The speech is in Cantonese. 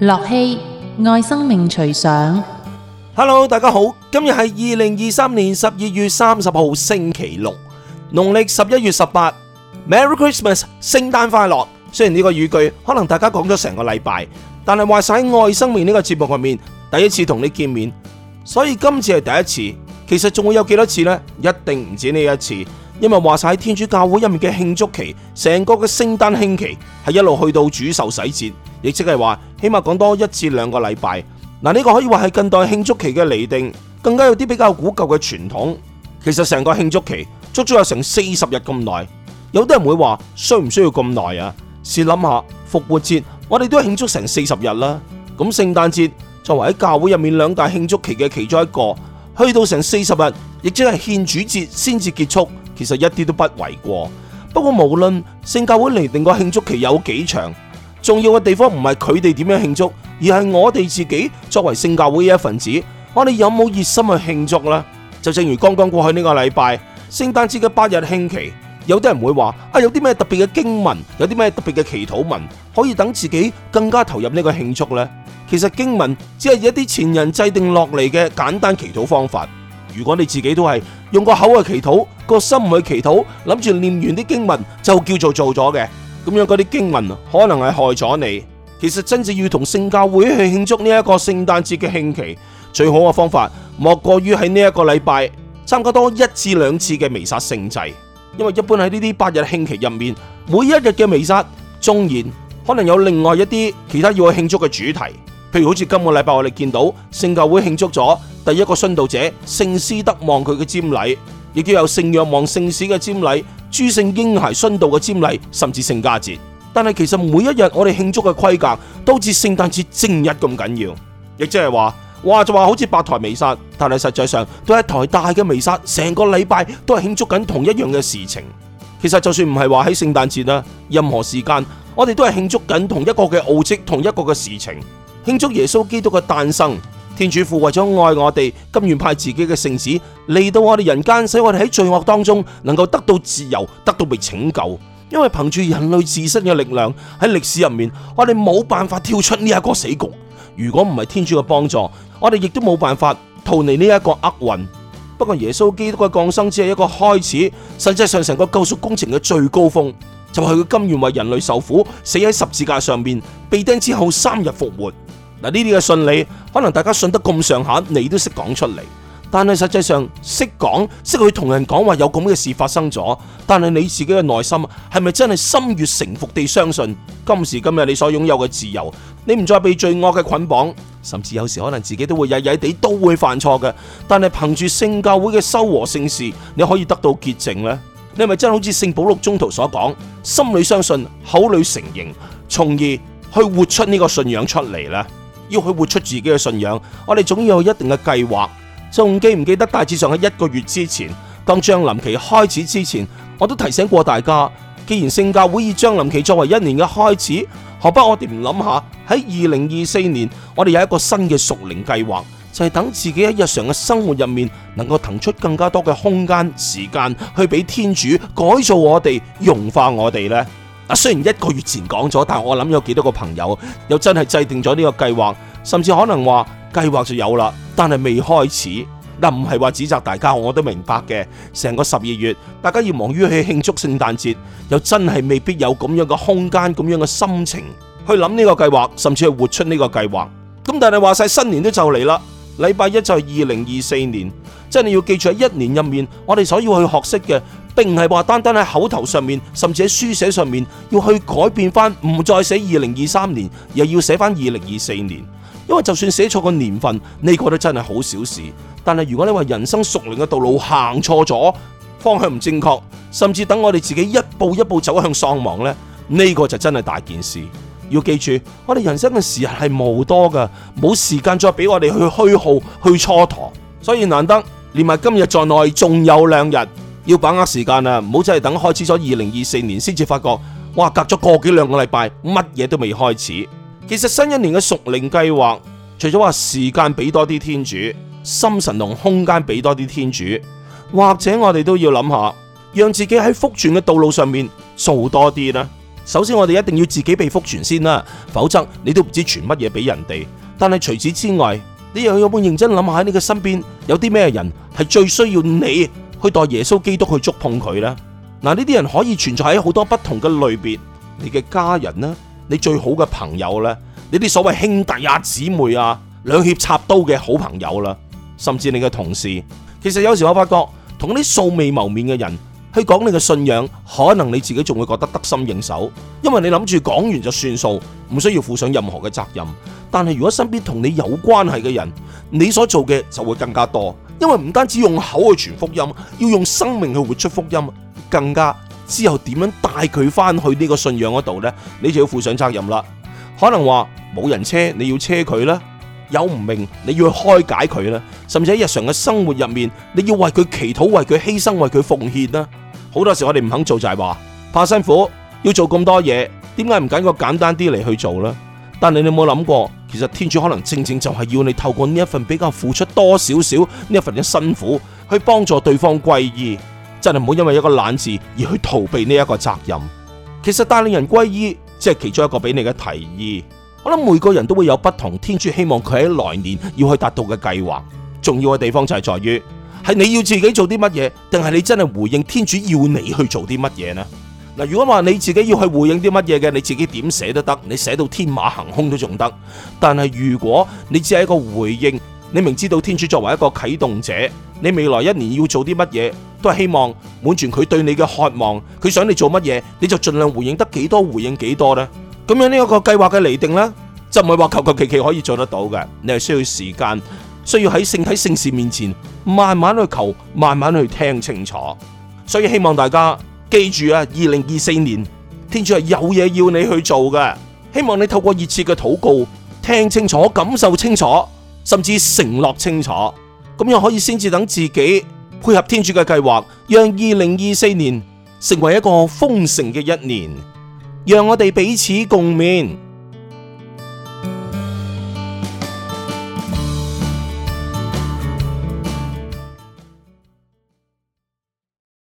駱曦愛生命隨想，Hello，大家好，今日係二零二三年十二月三十號星期六，農曆十一月十八，Merry Christmas，聖誕快樂。雖然呢個語句可能大家講咗成個禮拜，但係話晒喺愛生命呢個節目入面第一次同你見面，所以今次係第一次。其實仲會有幾多次呢？一定唔止呢一次，因為話晒喺天主教會入面嘅慶祝期，成個嘅聖誕慶期係一路去到主受洗節。亦即係話，起碼講多一至兩個禮拜，嗱、這、呢個可以話係近代慶祝期嘅釐定，更加有啲比較古舊嘅傳統。其實成個慶祝期足足有成四十日咁耐，有啲人會話需唔需要咁耐啊？試諗下復活節我哋都慶祝成四十日啦，咁聖誕節作為喺教會入面兩大慶祝期嘅其中一個，去到成四十日，亦即係獻主節先至結束，其實一啲都不為過。不過無論聖教會釐定個慶祝期有幾長，重要嘅地方唔係佢哋點樣慶祝，而係我哋自己作為聖教會嘅一份子，我哋有冇熱心去慶祝啦？就正如剛剛過去呢個禮拜，聖誕節嘅八日慶期，有啲人會話啊，有啲咩特別嘅經文，有啲咩特別嘅祈禱文，可以等自己更加投入呢個慶祝咧？其實經文只係一啲前人制定落嚟嘅簡單祈禱方法。如果你自己都係用個口去祈禱，個心唔去祈禱，諗住念完啲經文就叫做做咗嘅。咁樣嗰啲經文可能係害咗你。其實真正要同聖教會去慶祝呢一個聖誕節嘅慶期，最好嘅方法莫過於喺呢一個禮拜參加多一至兩次嘅彌撒聖祭。因為一般喺呢啲八日慶期入面，每一日嘅彌撒，縱然可能有另外一啲其他要去慶祝嘅主題，譬如好似今個禮拜我哋見到聖教會慶祝咗第一個殉道者聖斯德望佢嘅瞻禮，亦都有聖若望聖史嘅瞻禮。諸聖嬰孩殉道嘅瞻禮，甚至聖家節，但係其實每一日我哋慶祝嘅規格都似聖誕節正日咁緊要，亦即係話，話就話好似八台彌撒，但係實際上都係一台大嘅彌撒，成個禮拜都係慶祝緊同一樣嘅事情。其實就算唔係話喺聖誕節啦，任何時間我哋都係慶祝緊同一個嘅奧蹟，同一個嘅事情，慶祝耶穌基督嘅誕生。天主父為咗愛我哋，甘願派自己嘅聖子嚟到我哋人間，使我哋喺罪惡當中能夠得到自由，得到被拯救。因為憑住人類自身嘅力量，喺歷史入面，我哋冇辦法跳出呢一個死局。如果唔係天主嘅幫助，我哋亦都冇辦法逃離呢一個厄運。不過耶穌基督嘅降生只係一個開始，實際上成個救贖工程嘅最高峰，就係、是、佢甘願為人類受苦，死喺十字架上面，被釘之後三日復活。嗱，呢啲嘅信理，可能大家信得咁上下，你都識講出嚟。但係實際上識講，識去同人講話有咁嘅事發生咗。但係你自己嘅內心係咪真係心悅誠服地相信今時今日你所擁有嘅自由，你唔再被罪惡嘅捆綁？甚至有時可能自己都會曳曳哋都會犯錯嘅。但係憑住聖教會嘅修和聖事，你可以得到潔淨咧。你係咪真係好似聖保祿宗徒所講，心裏相信，口裏承認，從而去活出呢個信仰出嚟咧？要佢活出自己嘅信仰，我哋總要有一定嘅計劃。仲記唔記得大致上喺一個月之前，當將臨期開始之前，我都提醒過大家。既然聖教會以將臨期作為一年嘅開始，何不我哋唔諗下喺二零二四年，我哋有一個新嘅屬靈計劃，就係、是、等自己喺日常嘅生活入面，能夠騰出更加多嘅空間、時間去俾天主改造我哋、融化我哋咧。啊，雖然一個月前講咗，但我諗有幾多個朋友又真係制定咗呢個計劃，甚至可能話計劃就有啦，但係未開始。嗱，唔係話指責大家，我都明白嘅。成個十二月，大家要忙於去慶祝聖誕節，又真係未必有咁樣嘅空間、咁樣嘅心情去諗呢個計劃，甚至係活出呢個計劃。咁但係話晒，新年都就嚟啦，禮拜一就係二零二四年，即係你要記住喺一年入面，我哋所要去學識嘅。並唔係話單單喺口頭上面，甚至喺書寫上面，要去改變翻，唔再寫二零二三年，又要寫翻二零二四年。因為就算寫錯個年份，呢個都真係好小事。但係如果你話人生熟齡嘅道路行錯咗，方向唔正確，甚至等我哋自己一步一步走向喪亡呢，呢個就真係大件事。要記住，我哋人生嘅時日係無多噶，冇時間再俾我哋去虛耗、去蹉跎。所以難得連埋今日在內，仲有兩日。要把握時間啊，唔好真係等開始咗二零二四年先至發覺。哇，隔咗個幾兩個禮拜，乜嘢都未開始。其實新一年嘅屬靈計劃，除咗話時間俾多啲天主，心神同空間俾多啲天主，或者我哋都要諗下，讓自己喺福傳嘅道路上面做多啲啦。首先，我哋一定要自己被福傳先啦，否則你都唔知傳乜嘢俾人哋。但係除此之外，你又有冇認真諗下喺你嘅身邊有啲咩人係最需要你？去代耶穌基督去觸碰佢啦，嗱，呢啲人可以存在喺好多不同嘅類別，你嘅家人啦，你最好嘅朋友啦，你啲所謂兄弟啊、姊妹啊兩肋插刀嘅好朋友啦，甚至你嘅同事，其實有時我發覺同啲素未謀面嘅人去講你嘅信仰，可能你自己仲會覺得得心應手，因為你諗住講完就算數，唔需要負上任何嘅責任，但係如果身邊同你有關係嘅人，你所做嘅就會更加多。因為唔單止用口去傳福音，要用生命去活出福音，更加之後點樣帶佢翻去呢個信仰嗰度呢？你就要負上責任啦。可能話冇人車，你要車佢啦；有唔明，你要去開解佢啦。甚至喺日常嘅生活入面，你要為佢祈禱，為佢犧牲，為佢奉獻啦。好多時我哋唔肯做就係話怕辛苦，要做咁多嘢，點解唔揀個簡單啲嚟去做呢？但你有冇諗過，其實天主可能正正就係要你透過呢一份比較付出多少少呢一份嘅辛苦，去幫助對方歸依。真係唔好因為一個懶字而去逃避呢一個責任。其實帶領人歸依，只係其中一個俾你嘅提議。我諗每個人都會有不同，天主希望佢喺來年要去達到嘅計劃。重要嘅地方就係在於，係你要自己做啲乜嘢，定係你真係回應天主要你去做啲乜嘢呢？嗱，如果話你自己要去回應啲乜嘢嘅，你自己點寫都得，你寫到天馬行空都仲得。但係如果你只係一個回應，你明知道天主作為一個啟動者，你未來一年要做啲乜嘢，都係希望滿全佢對你嘅渴望，佢想你做乜嘢，你就盡量回應得幾多，回應幾多呢？咁樣呢一個計劃嘅釐定呢，就唔係話求求其其可以做得到嘅，你係需要時間，需要喺聖體聖事面前慢慢去求，慢慢去聽清楚。所以希望大家。記住啊，二零二四年天主係有嘢要你去做嘅，希望你透過熱切嘅禱告，聽清楚、感受清楚，甚至承諾清楚，咁樣可以先至等自己配合天主嘅計劃，讓二零二四年成為一個豐盛嘅一年，讓我哋彼此共勉。